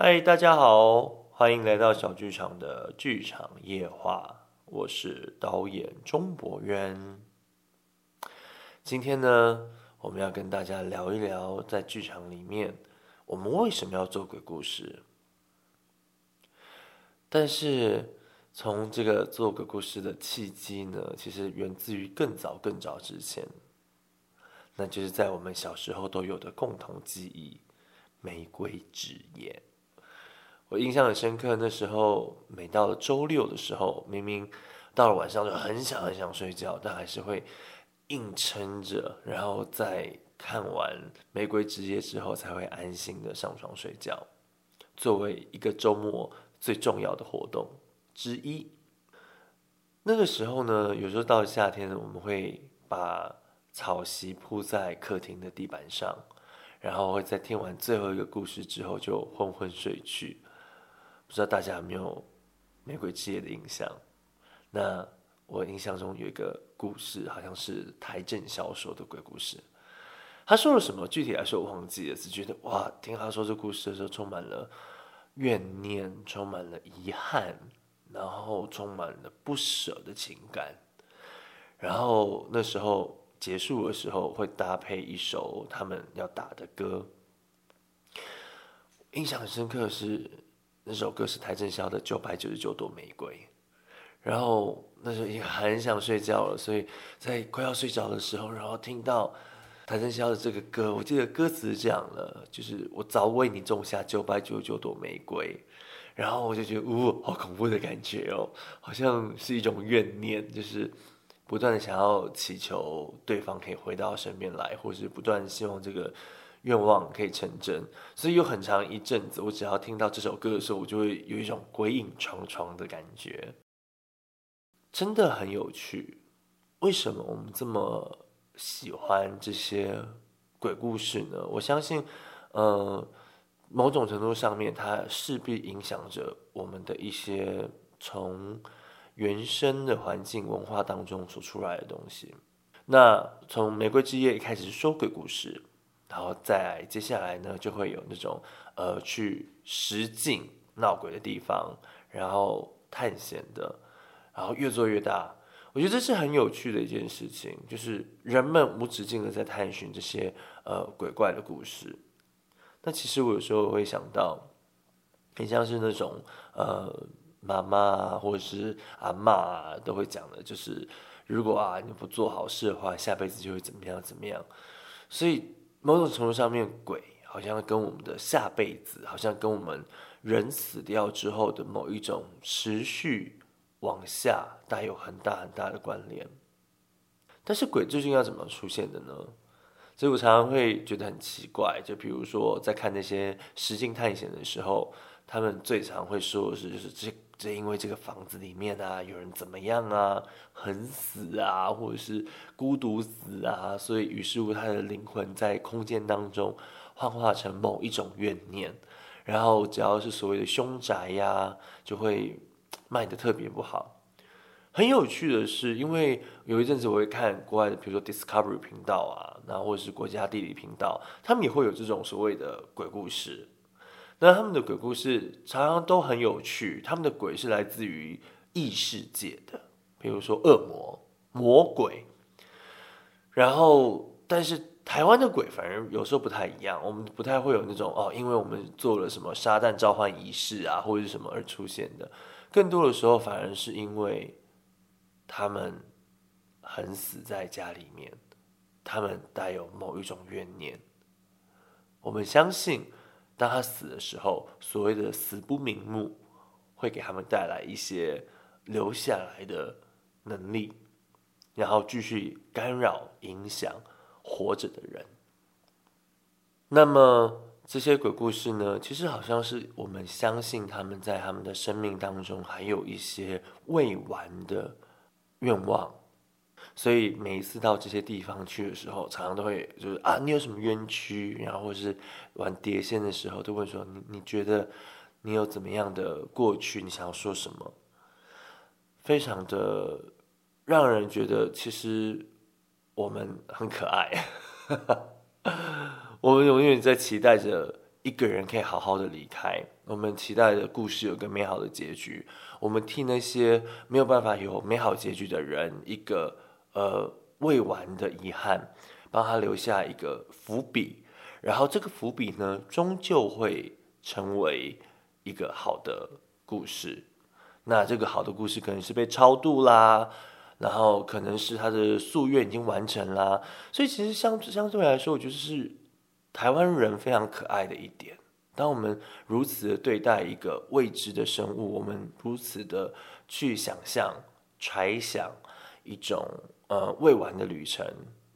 嗨，Hi, 大家好，歡迎來到小劇場的劇場夜話。我是導演鍾伯淵。今天呢，我們要跟大家聊一聊，在劇場裡面，我們為什麼要做鬼故事。但是，從這個做鬼故事的契機呢，其實源自於更早更早之前，那就是在我們小時候都有的共同記憶——玫瑰之夜。我印象很深刻，那時候每到了週六的時候，明明到了晚上就很想很想睡覺，但還是會硬撐着，然後在看完《玫瑰之夜》之後，才會安心的上床睡覺。作為一個週末最重要的活動之一，那個時候呢，有時候到了夏天，我們會把草席鋪在客廳的地板上，然後會在聽完最後一個故事之後就昏昏睡去。不知道大家有沒有《玫瑰之夜》的印象？那我印象中有一個故事，好像是台正小說的鬼故事。他說了什麼？具體來說我忘記了，只覺得哇，聽他說這故事的時候，充滿了怨念，充滿了遺憾，然後充滿了不捨的情感。然後那時候結束的時候，會搭配一首他們要打的歌。印象很深刻的是。那首歌是邰正宵的《九百九十九朵玫瑰》，然後那時候也很想睡覺了，所以在快要睡着的時候，然後聽到邰正宵的這個歌，我記得歌詞是這樣了，就是“我早為你種下九百九十九朵玫瑰”，然後我就覺得，嗚、哦，好恐怖的感覺哦，好像是一種怨念，就是不斷的想要祈求對方可以回到身邊來，或是不斷希望這個。願望可以成真，所以有很長一陣子，我只要聽到這首歌的時候，我就會有一種鬼影重重的感覺，真的很有趣。為什麼我們這麼喜歡這些鬼故事呢？我相信，呃，某種程度上面，它勢必影響着我們的一些從原生的環境文化當中所出來的東西。那從《玫瑰之夜》一開始說鬼故事。然後再接下來呢，就會有那種呃去實景鬧鬼的地方，然後探險的，然後越做越大。我覺得這是很有趣的一件事情，就是人們無止境的在探尋這些呃鬼怪的故事。那其實我有時候會想到，很像是那種呃媽媽啊，或者是阿嬤啊，都會講的，就是如果啊你不做好事的話，下輩子就會怎麼樣怎麼樣，所以。某種程度上面，鬼好像跟我們的下輩子，好像跟我們人死掉之後的某一種持續往下，帶有很大很大的關聯。但是鬼究竟要怎麼出現的呢？所以，我常常會覺得很奇怪。就比如說，在看那些實境探險的時候，他們最常會說的是，就是這就因為這個房子裡面啊，有人怎麼樣啊，很死啊，或者是孤獨死啊，所以於是乎他的靈魂在空間當中幻化成某一種怨念，然後只要是所謂的凶宅呀、啊，就會賣得特別不好。很有趣的是，因為有一陣子我會看國外的，比如說 Discovery 頻道啊，那或者是國家地理頻道，他們也會有這種所謂的鬼故事。那他們的鬼故事常常都很有趣，他們的鬼是來自於異世界的，比如說惡魔、魔鬼。然後，但是台灣的鬼，反而有時候不太一樣，我們不太會有那種哦，因為我們做了什麼撒旦召喚儀式啊，或者是什麼而出現的。更多的時候，反而是因為他們橫死在家裡面，他們帶有某一種怨念。我們相信。當他死的時候，所謂的死不瞑目，會給他們帶來一些留下來的能力，然後繼續干擾影響活着的人。那麼這些鬼故事呢，其實好像是我們相信他們在他們的生命當中還有一些未完的願望。所以每一次到這些地方去的時候，常常都會就是啊，你有什麼冤屈？然後或是玩碟仙的時候，都會說，你你覺得你有怎麼樣的過去？你想要說什麼？非常的讓人覺得，其實我們很可愛， 我們永遠在期待着一個人可以好好的離開，我們期待着故事有個美好的結局，我們替那些沒有辦法有美好結局的人一個。呃，未完的遺憾，幫他留下一個伏筆，然後這個伏筆呢，終究會成為一個好的故事。那這個好的故事可能是被超度啦，然後可能是他的夙願已經完成啦。所以其實相相對來說，我覺得是台灣人非常可愛的一點。當我們如此的對待一個未知的生物，我們如此的去想象、揣想一種。呃，未完的旅程，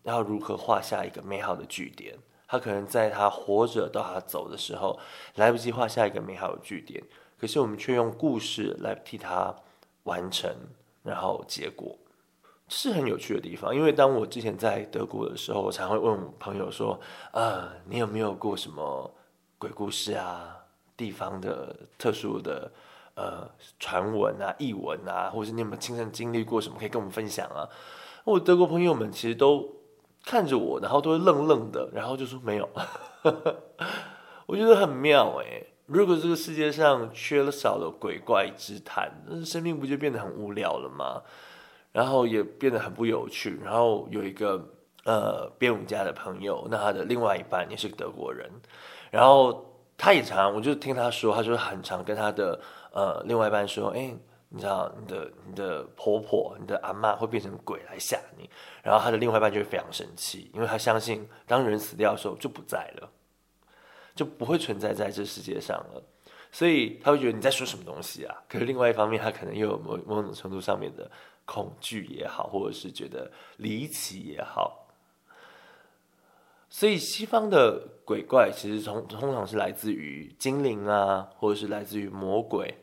然後如何畫下一個美好的句點？他可能在他活着到他走的時候，來不及畫下一個美好的句點。可是我們卻用故事來替他完成，然後結果是很有趣的地方。因為當我之前在德國的時候，我常會問我朋友說：呃、啊，你有沒有過什麼鬼故事啊？地方的特殊的呃傳聞啊、異聞啊，或者是你有沒有親身經歷過什麼，可以跟我們分享啊？我德國朋友們其實都看着我，然後都會愣愣的，然後就說沒有， 我覺得很妙誒、欸、如果這個世界上缺了少了鬼怪之談，那生命不就變得很無聊了嗎？然後也變得很不有趣。然後有一個呃編舞家的朋友，那他的另外一半也是德國人，然後他也常，我就聽他說，他就很常跟他的呃另外一半說，哎、欸。你知道，你的你的婆婆、你的阿嬤會變成鬼來嚇你，然後他的另外一半就會非常生氣，因為他相信當人死掉的時候就不在了，就不會存在在這世界上了，所以他會覺得你在說什麼東西啊。可是另外一方面，他可能又有某某種程度上面的恐懼也好，或者是覺得離奇也好。所以西方的鬼怪其實從，通常是來自於精靈啊，或者是來自於魔鬼，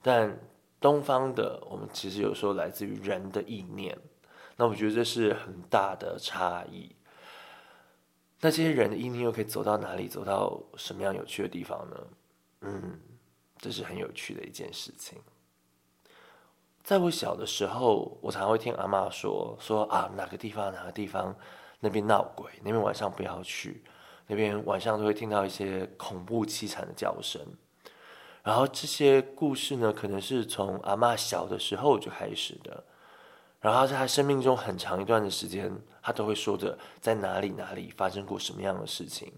但。東方的，我們其實有時候來自於人的意念，那我覺得這是很大的差異。那這些人的意念又可以走到哪裡？走到什麼樣有趣的地方呢？嗯，這是很有趣的一件事情。在我小的時候，我常常會聽阿嬤說說啊，哪個地方哪個地方那邊鬧鬼，那邊晚上不要去，那邊晚上都會聽到一些恐怖淒慘的叫聲。然後這些故事呢，可能是從阿嬤小的時候就開始的，然後在她生命中很長一段的時間，她都會說着在哪裡哪裡發生過什麼樣的事情。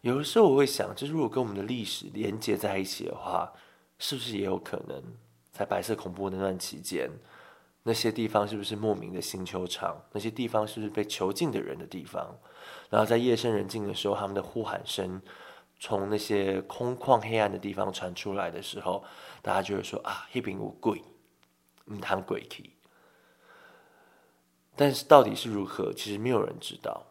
有的時候我會想，就是如果跟我們的歷史連接在一起的話，是不是也有可能在白色恐怖的那段期間，那些地方是不是莫名的刑求場，那些地方是不是被囚禁的人的地方？然後在夜深人靜的時候，他們的呼喊聲。從那些空曠黑暗的地方傳出來的時候，大家就會說啊，黑屏鬼，你談鬼奇？但是到底是如何，其實沒有人知道。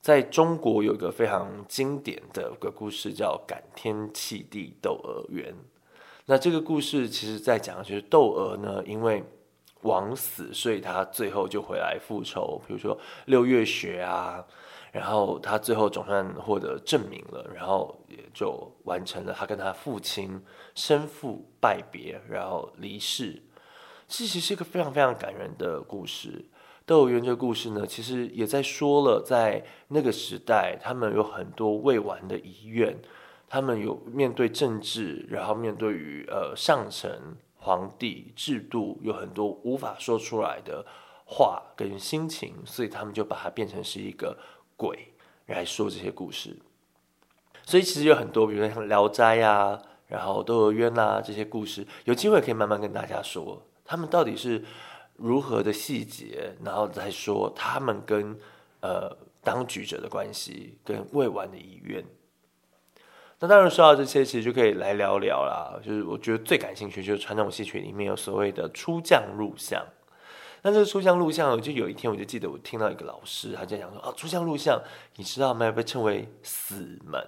在中國有一個非常經典的鬼故事，叫《感天氣地竇娥冤》。那這個故事其實在講的就是竇娥呢，因為枉死，所以她最後就回來復仇。比如說六月雪啊。然後他最後總算獲得證明了，然後也就完成了他跟他父親生父拜別，然後離世。其實是一個非常非常感人的故事。竇娥冤這個故事呢，其實也在說了，在那個時代，他們有很多未完的遺願，他們有面對政治，然後面對於呃上層皇帝制度有很多無法說出來的話跟心情，所以他們就把它變成是一個。鬼來說這些故事，所以其實有很多，比如說像《聊齋》啊，然後《竇娥冤》啊，這些故事，有機會可以慢慢跟大家說，他們到底是如何的細節，然後再說他們跟呃當局者的關係，跟未完的遺願。那當然說到這些，其實就可以來聊聊啦。就是我覺得最感興趣，就是傳統戲曲裡面有所謂的出將入相。但這個出將入相，就有一天我就記得我聽到一個老師，他就講說啊，出將入相，你知道嗎？被稱為死門。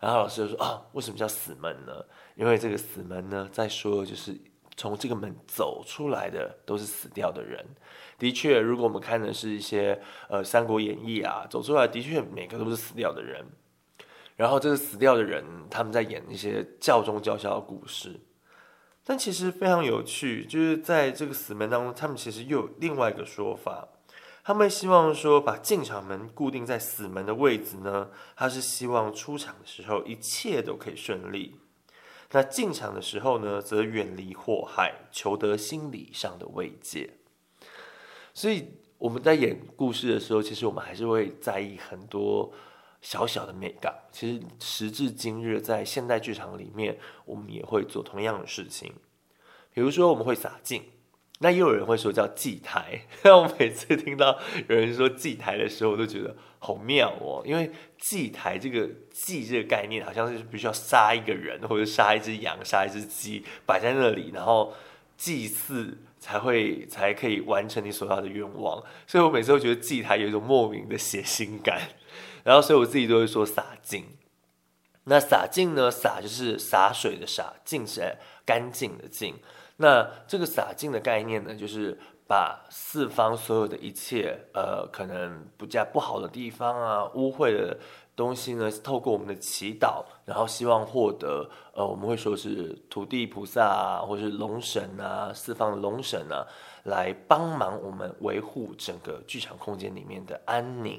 然後老師就說啊、哦，為什麼叫死門呢？因為這個死門呢，再說就是從這個門走出來的都是死掉的人。的確，如果我們看的是一些呃《三國演義》啊，走出來的確每個都是死掉的人。然後這個死掉的人，他們在演一些教忠教孝的故事。但其實非常有趣，就是在這個死門當中，他們其實又有另外一個說法，他們希望說把進場門固定在死門的位置呢，他是希望出場的時候一切都可以順利，那進場的時候呢，則遠離禍害，求得心理上的慰藉。所以我們在演故事的時候，其實我們還是會在意很多，小小的美感，其實時至今日，在現代劇場裡面，我們也會做同樣的事情，比如說我們會灑淨，那又有人會說叫祭台。那我每次聽到有人說祭台的時候，我都覺得好妙哦，因為祭台這個祭這個概念，好像是必須要殺一個人或者殺一隻羊、殺一隻雞擺在那裡，然後祭祀。才會才可以完成你所要的願望，所以我每次都覺得祭台有一種莫名的血腥感，然後所以我自己都會說灑淨。那灑淨呢？灑就是灑水的灑，淨是乾淨的淨。那這個灑淨的概念呢，就是把四方所有的一切，呃，可能不加不好的地方啊，污穢的，東西呢，是透過我們的祈禱，然後希望獲得，呃，我們會說是土地菩薩啊，或是龍神啊，四方的龍神啊，來幫忙我們維護整個劇場空間裡面的安寧。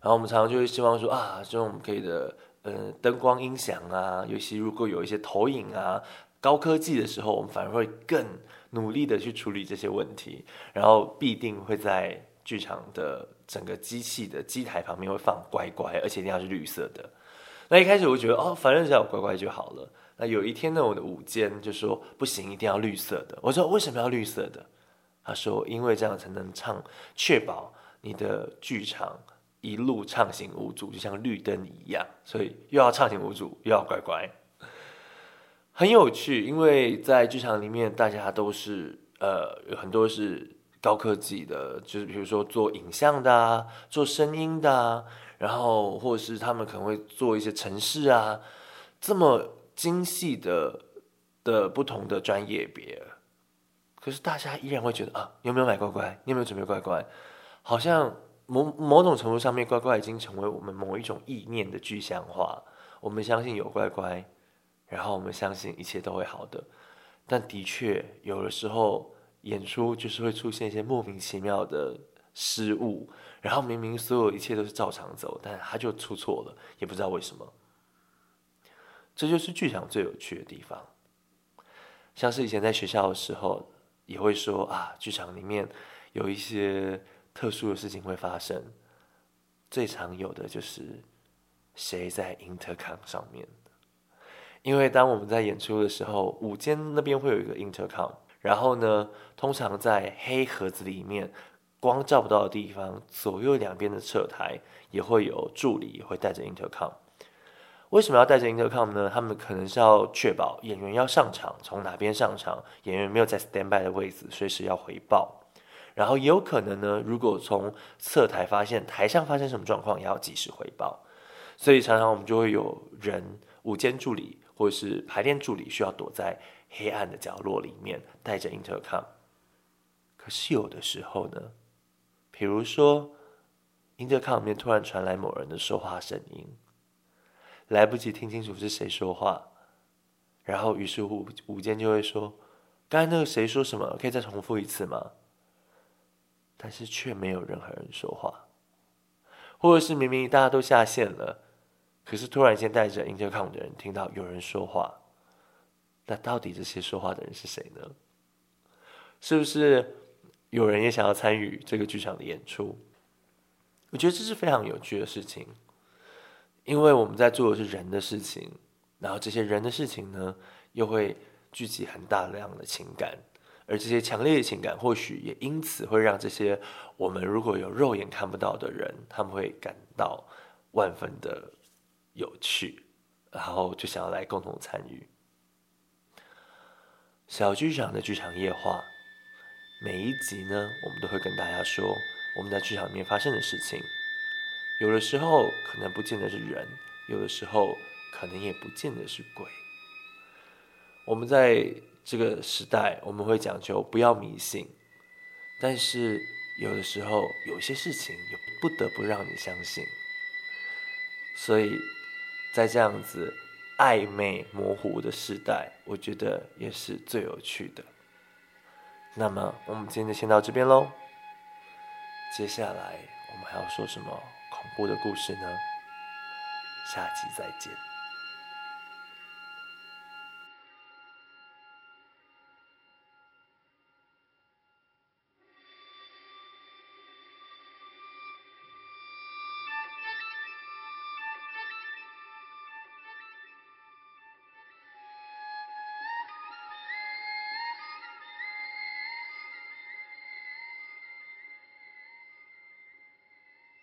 然後我們常常就會希望說啊，希望我們可以的，呃，燈光音響啊，尤其如果有一些投影啊，高科技的時候，我們反而會更努力的去處理這些問題，然後必定會在劇場的。整個機器的機台旁邊會放乖乖，而且一定要是綠色的。那一開始我覺得哦，反正只要乖乖就好了。那有一天呢，我的舞監就說不行，一定要綠色的。我說為什麼要綠色的？他說因為這樣才能唱，確保你的劇場一路暢行無阻，就像綠燈一樣。所以又要暢行無阻，又要乖乖，很有趣。因為在劇場裡面，大家都是呃有很多是。高科技的，就是比如說做影像的啊，做聲音的啊，然後或者是他們可能會做一些城市啊，這麼精細的的不同的專業別，可是大家依然會覺得啊，有沒有買乖乖？你有沒有準備乖乖？好像某某種程度上面，乖乖已經成為我們某一種意念的具象化。我們相信有乖乖，然後我們相信一切都會好的。但的確，有的時候。演出就是會出現一些莫名其妙的失誤，然後明明所有一切都是照常走，但他就出錯了，也不知道為什麼。這就是劇場最有趣的地方。像是以前在學校的時候，也會說啊，劇場裡面有一些特殊的事情會發生。最常有的就是誰在 intercom 上面，因為當我們在演出的時候，舞監那邊會有一個 intercom。然後呢，通常在黑盒子裡面光照不到的地方，左右兩邊的側台也會有助理，會帶着 intercom。為什麼要帶着 intercom 呢？他們可能是要確保演員要上場，從哪邊上場。演員沒有在 stand by 的位置，隨時要回報。然後也有可能呢，如果從側台發現台上發生什麼狀況，也要及時回報。所以常常我們就會有人舞監助理或者是排練助理需要躲在黑暗的角落裡面帶着 intercom，可是有的時候呢，比如說 intercom 裡面突然傳來某人的說話聲音，來不及聽清楚是誰說話，然後於是乎舞監就會說：“剛才那個誰說什麼？可以再重複一次嗎？”但是卻沒有任何人說話，或者是明明大家都下線了，可是突然間帶着 intercom 的人聽到有人說話。那到底這些說話的人是誰呢？是不是有人也想要參與這個劇場的演出？我覺得這是非常有趣的事情，因為我們在做的是人的事情，然後這些人的事情呢，又會聚集很大量的情感，而這些強烈的情感，或許也因此會讓這些我們如果有肉眼看不到的人，他們會感到萬分的有趣，然後就想要來共同參與。小劇場的劇場夜話，每一集呢，我們都會跟大家說我們在劇場裡面發生的事情。有的時候可能不見得是人，有的時候可能也不見得是鬼。我們在這個時代，我們會講究不要迷信，但是有的時候有些事情又不得不讓你相信。所以，在這樣子。曖昧模糊的時代，我覺得也是最有趣的。那麼，我們今天就先到這邊嘍。接下來，我們還要說什麼恐怖的故事呢？下期再見。